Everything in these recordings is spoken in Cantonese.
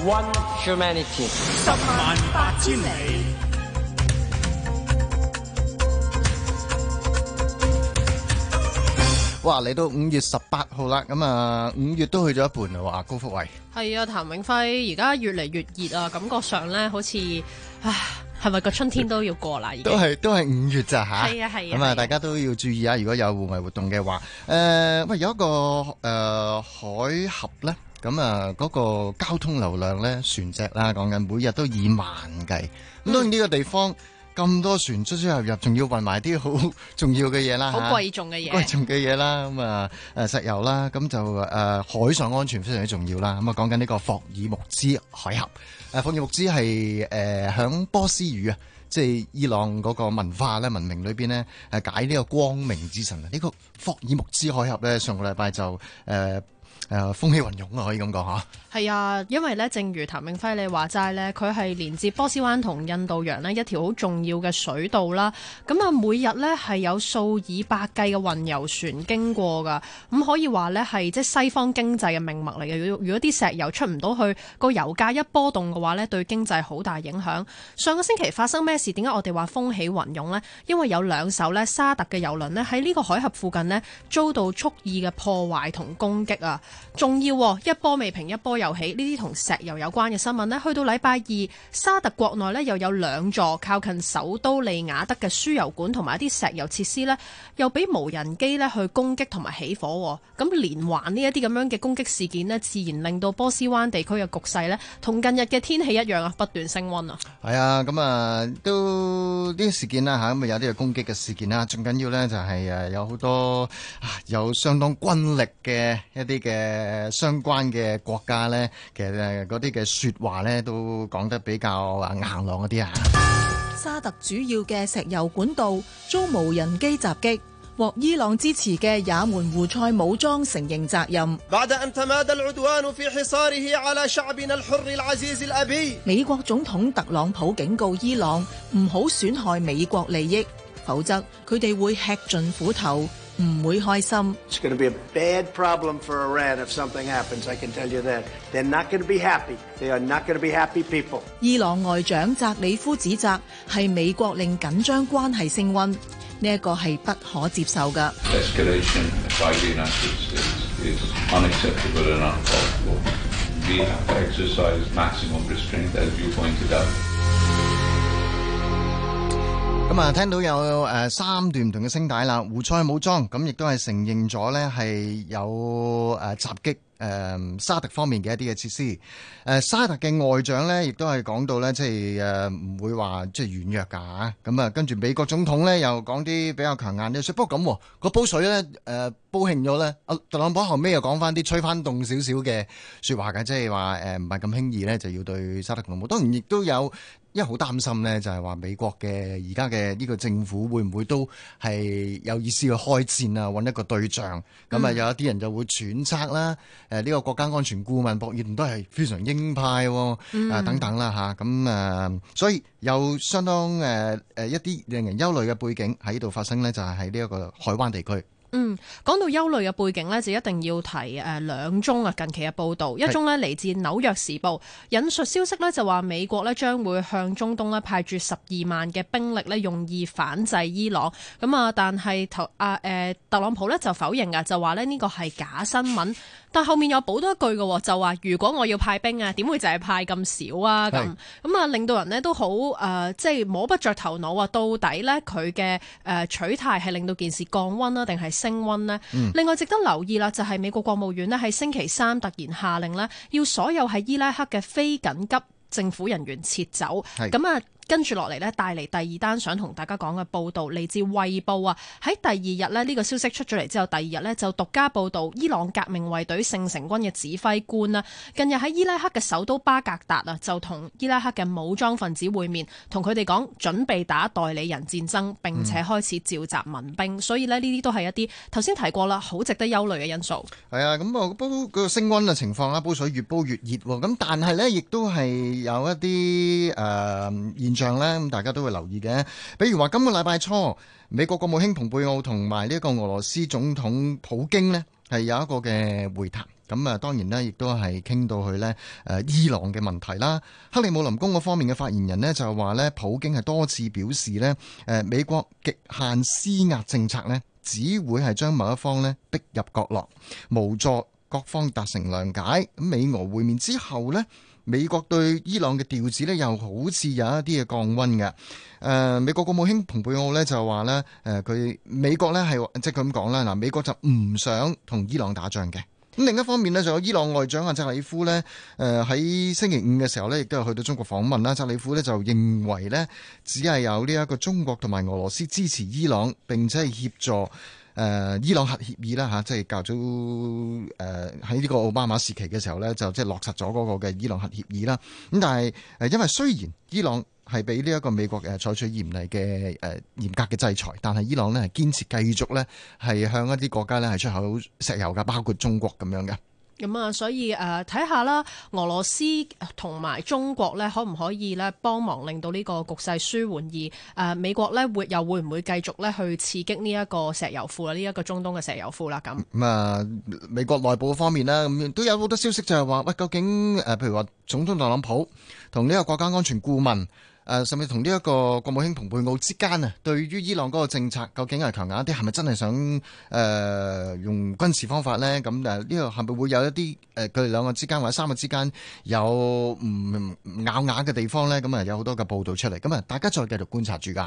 One humanity，十萬八千里。哇！嚟到五月十八號啦，咁啊五月都去咗一半啦。哇！高福慧，係啊，譚永輝，而家越嚟越熱啊，感覺上咧好似啊，係咪個春天都要過啦？是是而已經都係都係五月咋嚇？係啊係啊。咁啊，大家都要注意啊！如果有戶外活動嘅話，誒，喂，有一個誒、呃、海峽咧。咁啊，嗰個交通流量咧，船隻啦，講緊每日都以萬計。咁當然呢個地方咁多船出出入入，仲要運埋啲好重要嘅嘢啦，好貴重嘅嘢，貴重嘅嘢啦。咁啊，誒石油啦，咁就誒海上安全非常之重要啦。咁啊，講緊呢個霍爾木茲海峽。誒霍爾木茲係誒響波斯語啊，即係伊朗嗰個文化咧、文明裏邊咧，誒解呢個光明之神啊。呢個霍爾木茲海峽咧，上個禮拜就誒。呃誒、呃，風起雲湧啊，可以咁講吓。係啊，因為咧，正如譚明輝你話齋咧，佢係連接波斯灣同印度洋呢一條好重要嘅水道啦。咁啊，每日咧係有數以百計嘅運油船經過噶。咁可以話咧係即係西方經濟嘅命脈嚟嘅。如果如果啲石油出唔到去，個油價一波動嘅話咧，對經濟好大影響。上個星期發生咩事？點解我哋話風起雲湧呢？因為有兩艘呢沙特嘅油輪呢，喺呢個海峽附近呢，遭到蓄意嘅破壞同攻擊啊！仲要、啊，一波未平一波又起。呢啲同石油有關嘅新聞呢，去到禮拜二，沙特國內呢又有兩座靠近首都利雅德嘅輸油管同埋一啲石油設施呢，又俾無人機呢去攻擊同埋起火、啊。咁連環呢一啲咁樣嘅攻擊事件呢，自然令到波斯灣地區嘅局勢呢，同近日嘅天氣一樣，不斷升溫啊啊樣啊，不斷升温啊。係啊，咁啊都呢啲事件啦吓，咁有啲嘅攻擊嘅事件啦。最緊要呢就係誒有好多啊有相當軍力嘅一啲嘅。嘅相關嘅國家咧，其實嗰啲嘅說話咧，都講得比較硬朗嗰啲啊。沙特主要嘅石油管道遭無人機襲擊，獲伊朗支持嘅也門胡塞武裝承認責任。美國總統特朗普警告伊朗，唔好損害美國利益，否則佢哋會吃盡苦頭。唔會開心。It's going to be a bad problem for Iran, if something happens, I can tell you that. They're not going to be happy. They are not going to be happy people. 伊朗外長澤里夫指責係美國令緊張關係升溫，呢一個係不可接受嘅。咁啊，聽到有三段唔同嘅聲帶啦，胡塞武裝咁亦都係承認咗呢係有誒襲擊誒沙特方面嘅一啲嘅設施。誒沙特嘅外長呢，亦都係講到呢，即係誒唔會話即係軟弱㗎。咁啊，跟住美國總統呢，又講啲比較強硬啲嘅，不過咁個煲水呢，誒煲興咗呢。特朗普後尾又講翻啲吹翻凍少少嘅說話嘅，即係話誒唔係咁輕易呢，就要對沙特動武，當然亦都有。因為好擔心咧，就係、是、話美國嘅而家嘅呢個政府會唔會都係有意思去開戰啊？搵一個對象，咁啊、嗯、有一啲人就會揣測啦。呢、啊呢個國家安全顧問博爾頓都係非常鷹派啊、嗯啊等等，啊等等啦吓，咁誒，所以有相當誒、啊、一啲令人憂慮嘅背景喺呢度發生咧，就係喺呢一個海灣地區。嗯，講到憂慮嘅背景呢就一定要提誒兩宗啊，近期嘅報道，一宗咧，嚟自紐約時報，引述消息呢就話美國呢將會向中東派駐十二萬嘅兵力，呢用以反制伊朗。咁啊，但係特朗普呢就否認，啊就話呢呢個係假新聞。但後面又補多一句嘅喎，就話如果我要派兵啊，點會就係派咁少啊？咁咁啊，令到人呢都好誒、呃，即係摸不着頭腦啊！到底呢，佢嘅誒取態係令到件事降溫啦，定係升溫呢？嗯、另外值得留意啦，就係、是、美國國務院呢，喺星期三突然下令啦，要所有喺伊拉克嘅非緊急政府人員撤走。咁啊是！跟住落嚟呢，來帶嚟第二單想同大家講嘅報導，嚟自《衞報》啊。喺第二日呢，呢、呢個消息出咗嚟之後，第二日呢就獨家報導，伊朗革命衛隊聖城軍嘅指揮官啦，近日喺伊拉克嘅首都巴格達啊，就同伊拉克嘅武裝分子會面，同佢哋講準備打代理人戰爭，並且開始召集民兵。嗯、所以呢，呢啲都係一啲頭先提過啦，好值得憂慮嘅因素。係啊、嗯，咁啊煲個升温嘅情況啊，煲水越煲越熱喎。咁但係呢，亦都係有一啲誒象咧，大家都會留意嘅。比如話，今個禮拜初，美國國務卿蓬佩奧同埋呢個俄羅斯總統普京咧，係有一個嘅會談。咁啊，當然呢，亦都係傾到去呢，誒，伊朗嘅問題啦。克里姆林宮嗰方面嘅發言人呢，就話咧，普京係多次表示呢，誒，美國極限施壓政策呢，只會係將某一方呢逼入角落，無助各方達成諒解。咁美俄會面之後呢。美國對伊朗嘅調子咧，又好似有一啲嘅降溫嘅。誒、呃，美國國務卿蓬佩奧呢就話呢，誒佢美國呢係即係咁講啦，嗱美國就唔想同伊朗打仗嘅。咁另一方面呢，仲有伊朗外長阿扎里夫呢，誒、呃、喺星期五嘅時候呢亦都有去到中國訪問啦。扎里夫呢就認為呢只係有呢一個中國同埋俄羅斯支持伊朗並且係協助。誒、呃、伊朗核協議啦嚇，即係較早誒喺呢個奧巴馬時期嘅時候咧，就即係落實咗嗰個嘅伊朗核協議啦。咁、啊、但係誒，因為雖然伊朗係俾呢一個美國誒採取嚴厲嘅誒、呃、嚴格嘅制裁，但係伊朗呢係堅持繼續咧係向一啲國家咧係出口石油㗎，包括中國咁樣嘅。咁啊、嗯，所以誒睇下啦，俄羅斯同埋中國呢，可唔可以呢？幫忙令到呢個局勢舒緩？而誒、呃、美國呢，會又會唔會繼續呢？去刺激呢一個石油庫啊？呢、呢、一個中東嘅石油庫啦，咁咁啊，美國內部方面呢，咁都有好多消息就係話喂，究竟誒、呃、譬如話總統特朗普同呢個國家安全顧問。誒，甚至同呢一個國務卿蓬佩奧之間啊，對於伊朗嗰個政策，究竟係強硬啲，係咪真係想誒、呃、用軍事方法呢？咁誒，呢個係咪會有一啲誒佢哋兩個之間或者三個之間有唔咬牙嘅地方呢？咁啊，有好多嘅報道出嚟，咁啊，大家再繼續觀察住㗎。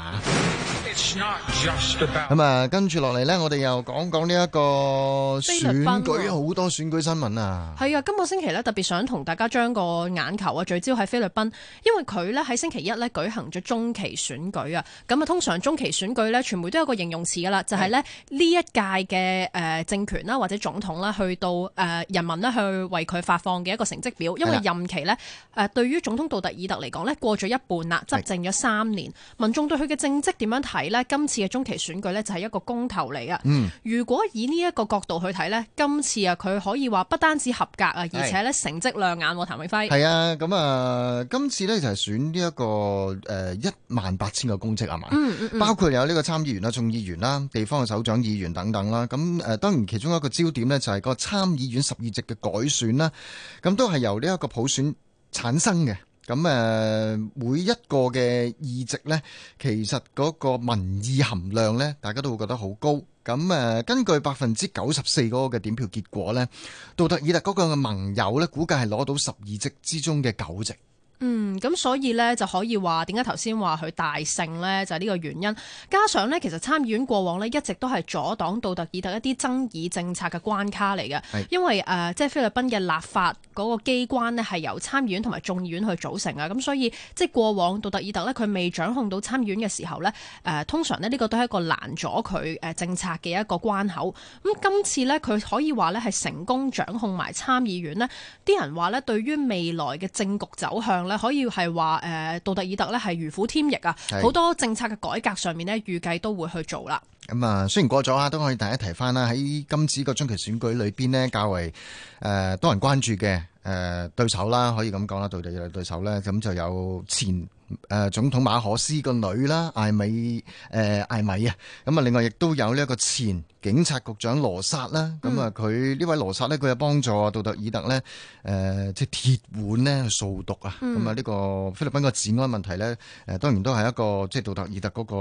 咁啊，跟住落嚟呢，我哋又講講呢一個選舉，好、啊、多選舉新聞啊。係啊，今個星期呢，特別想同大家將個眼球啊聚焦喺菲律賓，因為佢呢喺星期一咧。舉行咗中期選舉啊！咁啊，通常中期選舉呢，傳媒都有一個形容詞噶啦，就係呢，呢一屆嘅誒政權啦，或者總統啦，去到誒人民呢，去為佢發放嘅一個成績表。因為任期呢，誒，對於總統杜特爾特嚟講呢，過咗一半啦，執政咗三年，的民眾對佢嘅政績點樣睇呢？今次嘅中期選舉呢，就係一個公投嚟啊。嗯、如果以呢一個角度去睇呢，今次啊，佢可以話不單止合格啊，而且呢，成績亮眼。譚永輝係啊，咁啊、呃，今次呢，就係選呢、這、一個。誒一萬八千個公職係嘛，嗯嗯嗯、包括有呢個參議員啦、眾議員啦、地方嘅首長議員等等啦。咁、啊、誒，當然其中一個焦點呢，就係個參議院十二席嘅改選啦。咁、啊、都係由呢一個普選產生嘅。咁、啊、誒，每一個嘅議席呢，其實嗰個民意含量呢，大家都會覺得好高。咁、啊、誒，根據百分之九十四嗰個嘅點票結果呢，杜特爾特嗰個嘅盟友呢，估計係攞到十二席之中嘅九席。嗯，咁所以呢，就可以話，點解頭先話佢大勝呢？就係、是、呢個原因。加上呢，其實參議院過往呢一直都係阻擋杜特爾特一啲爭議政策嘅關卡嚟嘅，是因為、呃、即係菲律賓嘅立法嗰個機關呢，係由參議院同埋眾議院去組成啊。咁所以即係過往杜特爾特呢，佢未掌控到參議院嘅時候呢、呃，通常呢，呢、呢個都係一個攔阻佢、呃、政策嘅一個關口。咁、嗯、今次呢，佢可以話呢，係成功掌控埋參議院呢啲人話呢，對於未來嘅政局走向呢。咧可以係話誒，杜特爾特咧係如虎添翼啊！好多政策嘅改革上面呢，預計都會去做啦。咁啊，雖然過咗啊，都可以大家提翻啦。喺今次個中期選舉裏邊呢，較為誒多人關注嘅誒對手啦，可以咁講啦，杜特爾特對手咧，咁就有前。誒，總統馬可斯個女啦，艾米誒、呃，艾米啊，咁啊，另外亦都有呢一個前警察局長羅薩啦，咁啊、嗯，佢呢位羅薩呢，佢有幫助杜特爾特呢，誒、呃，即係鐵腕呢，去掃毒啊，咁啊，呢個菲律賓個治安問題呢，誒、呃，當然都係一個即係、就是、杜特爾特嗰個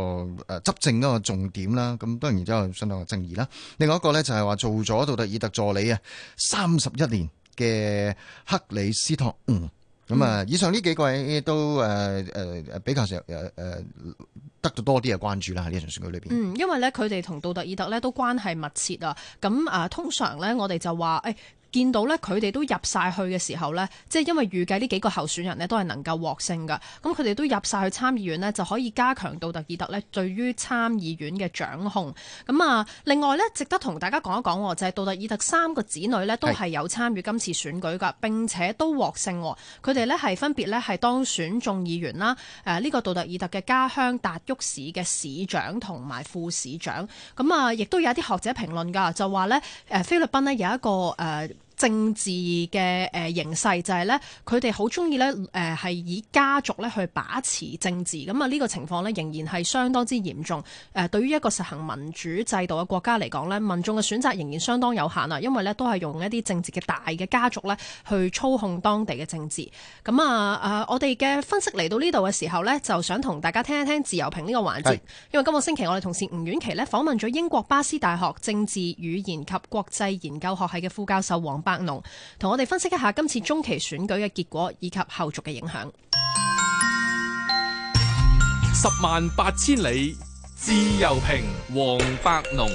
誒執政嗰個重點啦，咁當然之後相當爭議啦。另外一個呢，就係話做咗杜特爾特助理啊三十一年嘅克里斯托嗯。咁啊，以上呢幾個都誒誒比較成誒得到多啲嘅關注啦喺呢場選舉裏邊。嗯，因為咧佢哋同杜特爾特咧都關係密切啊，咁啊通常咧我哋就話誒。見到咧，佢哋都入晒去嘅時候呢，即係因為預計呢幾個候選人呢都係能夠獲勝㗎，咁佢哋都入晒去參議院呢，就可以加強杜特爾特咧對於參議院嘅掌控。咁啊，另外呢，值得同大家講一講，就係、是、杜特爾特三個子女呢都係有參與今次選舉㗎，是並且都獲勝。佢哋呢係分別呢係當選眾議員啦，誒、這、呢個杜特爾特嘅家鄉達沃市嘅市長同埋副市長。咁啊，亦都有啲學者評論㗎，就話呢誒菲律賓呢有一個誒。呃政治嘅形勢就係咧，佢哋好中意咧誒，係以家族咧去把持政治。咁啊，呢個情況咧仍然係相當之嚴重。誒對於一個實行民主制度嘅國家嚟講咧，民眾嘅選擇仍然相當有限啊，因為咧都係用一啲政治嘅大嘅家族咧去操控當地嘅政治。咁啊誒，我哋嘅分析嚟到呢度嘅時候咧，就想同大家聽一聽自由評呢個環節，是因為今個星期我哋同事吳婉琪咧訪問咗英國巴斯大學政治語言及國際研究學系嘅副教授黃。伯農同我哋分析一下今次中期選舉嘅結果以及後續嘅影響。十萬八千里自由評，黃伯農。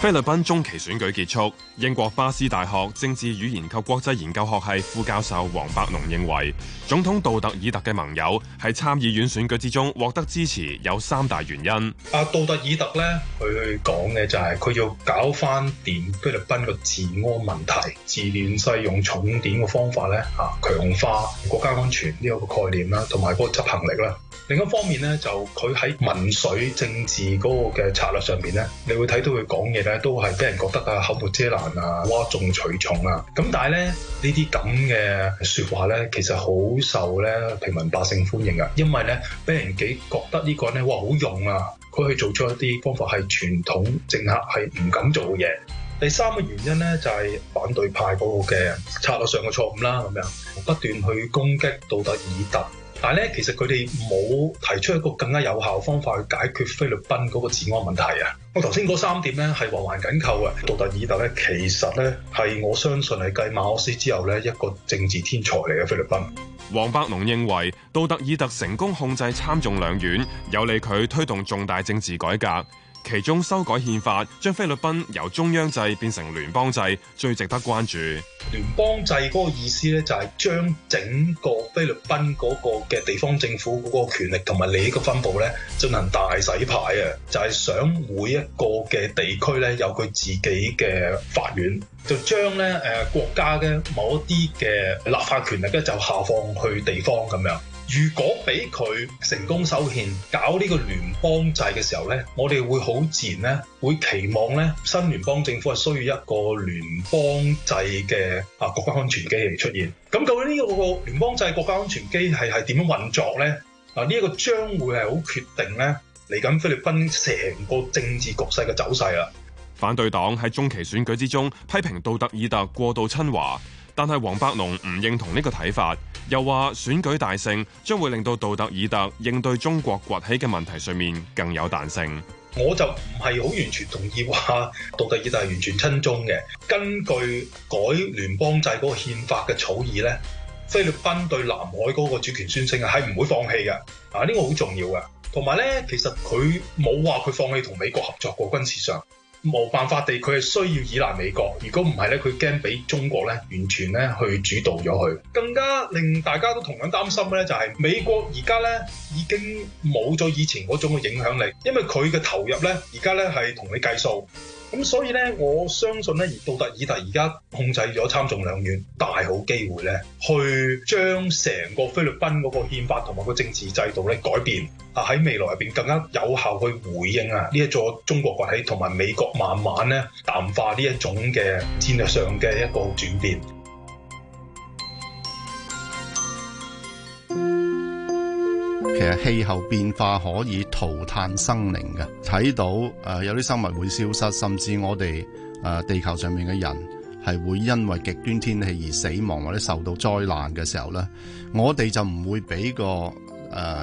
菲律賓中期選舉結束。英國巴斯大學政治、語言及國際研究學系副教授黃伯農認為，總統杜特爾特嘅盟友喺參議院選舉之中獲得支持有三大原因。阿杜特爾特咧，佢講嘅就係佢要搞翻掂菲律賓個治安問題，治亂世用重典嘅方法咧吓，強化國家安全呢一個概念啦，同埋嗰個執行力啦。另一方面咧，就佢喺民粹政治嗰個嘅策略上面咧，你會睇到佢講嘢咧，都係俾人覺得啊口沒遮攔。啊！嘩眾取寵啊！咁但係咧呢啲咁嘅說話咧，其實好受咧平民百姓歡迎噶，因為咧俾人幾覺得呢個人咧哇好用啊！佢去做出一啲方法係傳統政客係唔敢做嘅嘢。第三個原因咧就係、是、反對派嗰個嘅策略上嘅錯誤啦，咁樣不斷去攻擊杜特爾特。但係咧，其實佢哋冇提出一個更加有效方法去解決菲律賓嗰個治安問題啊！我頭先嗰三點咧係環環緊扣嘅。杜特爾特咧，其實咧係我相信係繼馬可斯之後咧一個政治天才嚟嘅菲律賓。黃伯農認為杜特爾特成功控制參眾兩院，有利佢推動重大政治改革。其中修改憲法，將菲律賓由中央制變成聯邦制，最值得關注。聯邦制嗰個意思咧，就係將整個菲律賓嗰個嘅地方政府嗰個權力同埋利益嘅分佈咧，進行大洗牌啊！就係、是、想每一個嘅地區咧，有佢自己嘅法院，就將咧誒國家嘅某一啲嘅立法權力咧，就下放去地方咁樣。如果俾佢成功修憲搞呢個聯邦制嘅時候呢，我哋會好自然呢會期望呢新聯邦政府係需要一個聯邦制嘅、啊國家安全機器出現。咁究竟呢一個聯邦制嘅國家安全機器係點樣運作呢？嗱，呢一個將會係好決定呢嚟緊菲律賓成個政治局勢嘅走勢啦。反對黨喺中期選舉之中批評杜特爾特過度親華。但係黃伯農唔認同呢個睇法，又話選舉大勝將會令到杜特爾特應對中國崛起嘅問題上面更有彈性。我就唔係好完全同意話杜特爾特係完全親中嘅。根據改聯邦制嗰個憲法嘅草擬呢菲律賓對南海嗰個主權宣稱啊係唔會放棄嘅。啊呢、這個好重要㗎，同埋呢，其實佢冇話佢放棄同美國合作過軍事上。冇辦法地，佢係需要依賴美國。如果唔係咧，佢驚俾中國咧完全咧去主導咗佢。更加令大家都同樣擔心咧，就係美國而家咧已經冇咗以前嗰種嘅影響力，因為佢嘅投入咧而家咧係同你計數。咁所以咧，我相信咧，而杜特爾特而家控制咗參眾兩院，大好機會咧，去將成個菲律賓嗰個憲法同埋個政治制度咧改變，啊喺未來入邊更加有效去回應啊呢一座中國崛起同埋美國慢慢咧淡化呢一種嘅戰略上嘅一個轉變。其實氣候變化可以塗炭生靈嘅，睇到誒有啲生物會消失，甚至我哋誒地球上面嘅人係會因為極端天氣而死亡，或者受到災難嘅時候呢，我哋就唔會俾個誒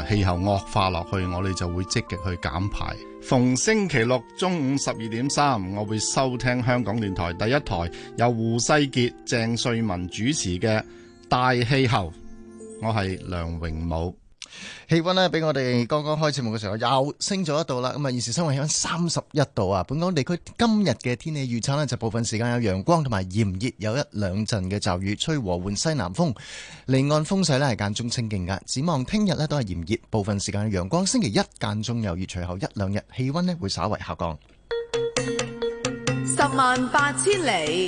氣候惡化落去，我哋就會積極去減排。逢星期六中午十二點三，我會收聽香港電台第一台由胡世杰、鄭瑞文主持嘅《大氣候》，我係梁榮武。氣溫呢，俾我哋剛剛開節目嘅時候又升咗一度啦。咁啊，現時香港氣溫三十一度啊。本港地區今日嘅天氣預測呢，就部分時間有陽光，同埋炎熱，有一兩陣嘅驟雨，吹和緩西南風。離岸風勢呢係間中清勁嘅。展望聽日呢都係炎熱，部分時間有陽光。星期一間中有雨，隨後一兩日氣溫呢會稍為下降。十萬八千里。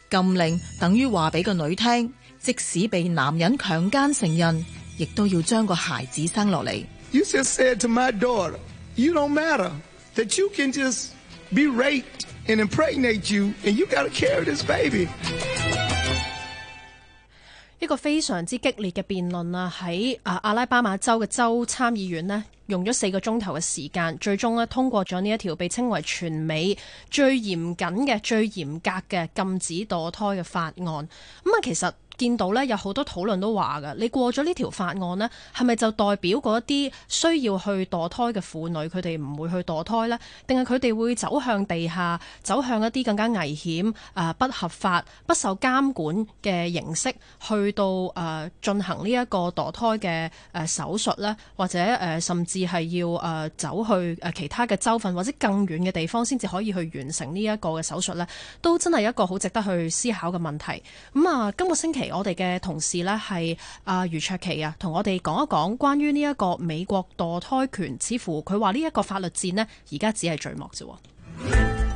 禁令等於話俾個女聽，即使被男人強姦成孕，亦都要將個孩子生落嚟。You just said to my daughter, you 一個非常之激烈嘅辯論啊，喺啊阿拉巴馬州嘅州參議院呢，用咗四個鐘頭嘅時間，最終呢通過咗呢一條被稱為全美最嚴謹嘅、最嚴格嘅禁止墮胎嘅法案。咁啊，其實。見到呢，有好多討論都話㗎，你過咗呢條法案呢，係咪就代表嗰一啲需要去墮胎嘅婦女佢哋唔會去墮胎呢？定係佢哋會走向地下，走向一啲更加危險、誒、呃、不合法、不受監管嘅形式去到誒、呃、進行呢一個墮胎嘅誒、呃、手術呢？或者誒、呃、甚至係要誒、呃、走去誒其他嘅州份或者更遠嘅地方先至可以去完成呢一個嘅手術呢？都真係一個好值得去思考嘅問題。咁、嗯、啊、呃，今個星期，我哋嘅同事呢，係阿余卓祈啊，同我哋講一講關於呢一個美國墮胎權，似乎佢話呢一個法律戰呢，而家只係序幕啫。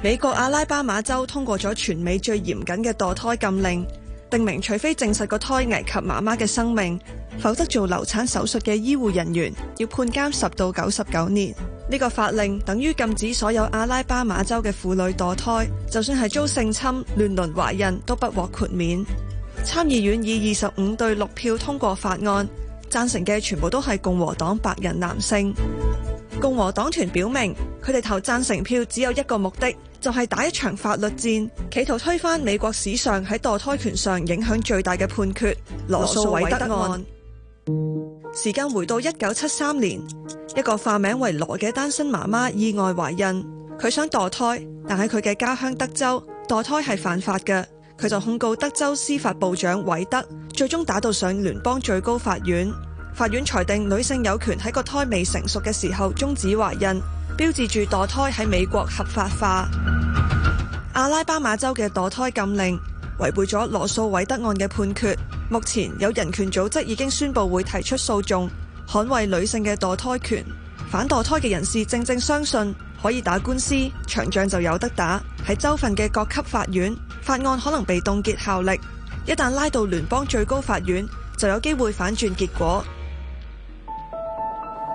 美國阿拉巴馬州通過咗全美最嚴謹嘅墮胎禁令，定明除非證實個胎危及媽媽嘅生命，否則做流產手術嘅醫護人員要判監十到九十九年。呢、這個法令等於禁止所有阿拉巴馬州嘅婦女墮胎，就算係遭性侵、亂倫懷孕，都不獲豁免。參議院以二十五對六票通過法案，讚成嘅全部都係共和黨白人男性。共和黨團表明，佢哋投讚成票只有一個目的，就係、是、打一場法律戰，企圖推翻美國史上喺墮胎權上影響最大嘅判決——羅訴韋德案。德案時間回到一九七三年，一個化名為羅嘅單身媽媽意外懷孕，佢想墮胎，但喺佢嘅家鄉德州墮胎係犯法嘅。佢就控告德州司法部長韋德，最終打到上聯邦最高法院。法院裁定女性有權喺個胎未成熟嘅時候終止懷孕，標誌住墮胎喺美國合法化。阿拉巴馬州嘅墮胎禁令違背咗羅訴韋德案嘅判決。目前有人權組織已經宣布會提出訴訟，捍衛女性嘅墮胎權。反墮胎嘅人士正正相信可以打官司，長仗就有得打喺州份嘅各級法院。法案可能被凍結效力，一旦拉到聯邦最高法院，就有機會反轉結果。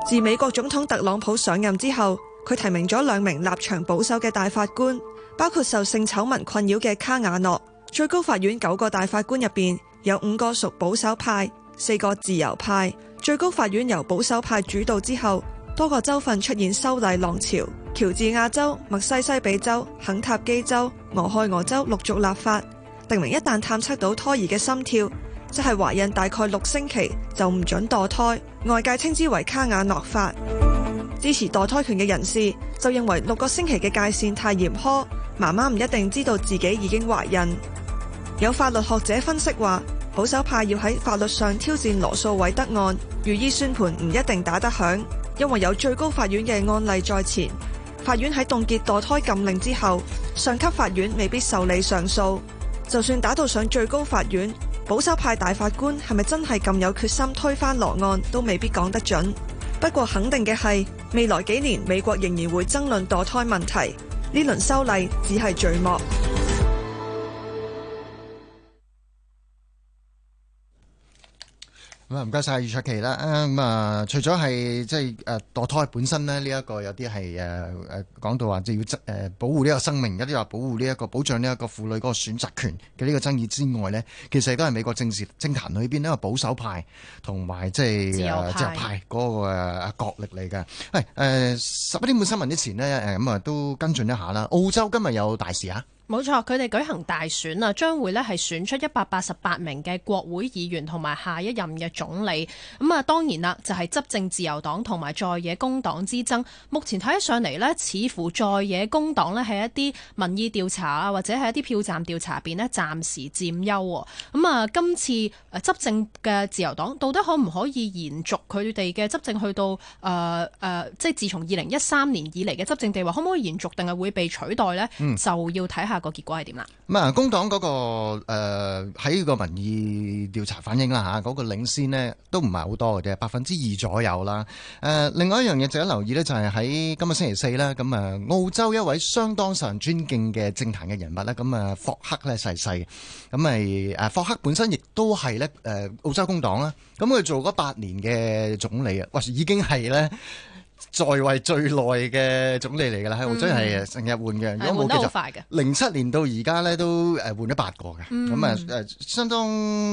自美國總統特朗普上任之後，佢提名咗兩名立場保守嘅大法官，包括受性醜聞困擾嘅卡瓦諾。最高法院九個大法官入面，有五個屬保守派，四個自由派。最高法院由保守派主導之後，多個州份出現修例浪潮。喬治亞州、密西西比州、肯塔基州、俄亥俄州陸續立法，定明一旦探測到胎兒嘅心跳，即係懷孕大概六星期就唔准墮胎。外界稱之為卡瓦諾法。支持墮胎權嘅人士就認為六個星期嘅界線太嚴苛，媽媽唔一定知道自己已經懷孕。有法律學者分析話，保守派要喺法律上挑戰羅素韋德案，如意算盤唔一定打得響，因為有最高法院嘅案例在前。法院喺凍結墮胎禁令之後，上級法院未必受理上訴。就算打到上最高法院，保守派大法官係咪真係咁有決心推翻羅案，都未必講得準。不過肯定嘅係，未來幾年美國仍然會爭論墮胎問題，呢輪修例只係序幕。咁啊，唔該晒，余卓祈啦。咁啊，除咗係即係誒墮胎本身呢，呢一個有啲係誒誒講到話就要誒保護呢個生命，一啲話保護呢一個保障呢一個婦女嗰個選擇權嘅呢個爭議之外呢，其實亦都係美國政治政壇裏邊一個保守派同埋即係自由派嗰個角力嚟嘅。係誒、哎、十一點半新聞之前呢，咁啊都跟進一下啦。澳洲今日有大事啊！冇錯，佢哋舉行大選啊，將會呢係選出一百八十八名嘅國會議員同埋下一任嘅總理。咁啊，當然啦，就係、是、執政自由黨同埋在野工黨之爭。目前睇起上嚟呢，似乎在野工黨呢係一啲民意調查啊，或者係一啲票站調查入邊呢，暫時佔優。咁啊，今次誒執政嘅自由黨到底可唔可以延續佢哋嘅執政去到誒誒、呃呃，即係自從二零一三年以嚟嘅執政地位，可唔可以延續，定係會被取代呢？嗯、就要睇下。個結果係點啦？咁啊，工黨嗰、那個誒喺個民意調查反映啦吓，嗰、那個領先咧都唔係好多嘅啫，百分之二左右啦。誒、呃，另外一樣嘢值得留意咧，就係喺今日星期四啦。咁、呃、啊，澳洲一位相當受人尊敬嘅政壇嘅人物咧，咁、呃、啊霍克咧逝世。咁咪誒霍克本身亦都係咧誒澳洲工黨啦。咁、呃、佢做咗八年嘅總理啊，哇，已經係咧。 在位最耐嘅總理嚟㗎啦，喺澳洲係成日換嘅，嗯、如果冇記錯，零七年到而家咧都誒換咗八個㗎，咁啊誒相當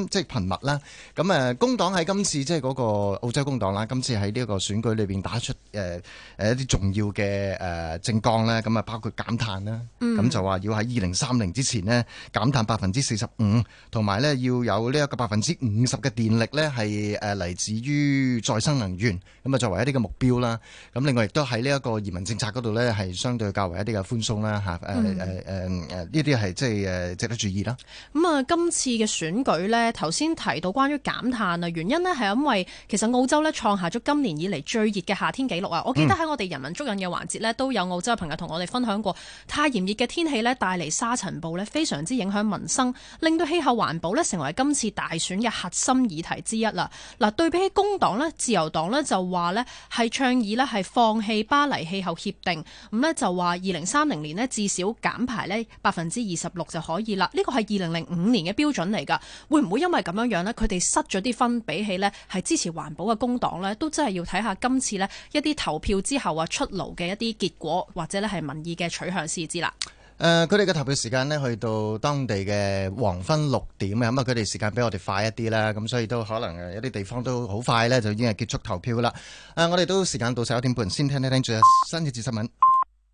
即係頻密啦。咁啊工黨喺今次即係嗰個澳洲工黨啦，今次喺呢個選舉裏邊打出誒誒、呃、一啲重要嘅誒、呃、政綱咧，咁啊包括減碳啦，咁、嗯、就話要喺二零三零之前呢減碳百分之四十五，同埋咧要有呢一個百分之五十嘅電力咧係誒嚟自於再生能源，咁啊作為一啲嘅目標啦。咁另外亦都喺呢一個移民政策嗰度呢，係相對較為一啲嘅寬鬆啦，嚇誒誒誒呢啲係即係值得注意啦。咁啊、嗯，今次嘅選舉呢，頭先提到關於減碳啊，原因呢係因為其實澳洲呢，創下咗今年以嚟最熱嘅夏天紀錄啊。嗯、我記得喺我哋人民足印嘅環節呢，都有澳洲嘅朋友同我哋分享過，太炎熱嘅天氣呢，帶嚟沙塵暴呢，非常之影響民生，令到氣候環保呢成為今次大選嘅核心議題之一啦。嗱，對比起工黨呢，自由黨呢，就話呢係倡議咧，係放棄巴黎氣候協定，咁咧就話二零三零年咧至少減排咧百分之二十六就可以啦。呢個係二零零五年嘅標準嚟噶，會唔會因為咁樣樣咧，佢哋失咗啲分比起咧？係支持環保嘅工黨咧，都真係要睇下今次咧一啲投票之後啊出爐嘅一啲結果，或者咧係民意嘅取向先知啦。誒佢哋嘅投票時間咧去到當地嘅黃昏六點嘅，咁啊佢哋時間比我哋快一啲啦，咁所以都可能有啲地方都好快咧就已經係結束投票啦。誒、呃、我哋都時間到十一點半，先聽一聽最新一節新聞。